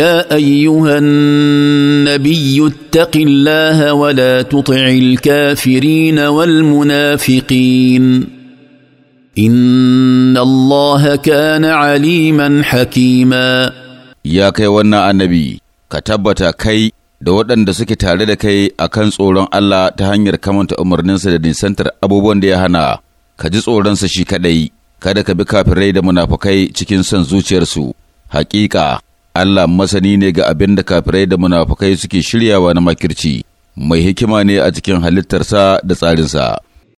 يا ايها النبي اتق الله ولا تطع الكافرين والمنافقين ان الله كان عليما حكيما يا كي ونا النبي كتبت كي da waɗanda suke tare da kai a kan tsoron Allah ta hanyar kamanta umarninsa da nisantar abubuwan da ya hana, ka ji tsoronsa shi kaɗai, kada ka bi kafirai da munafukai cikin son zuciyarsu, haƙiƙa Allah masani ne ga abin da kafirai da munafukai suke shiryawa na makirci, mai hikima ne a cikin halittarsa da tsarinsa.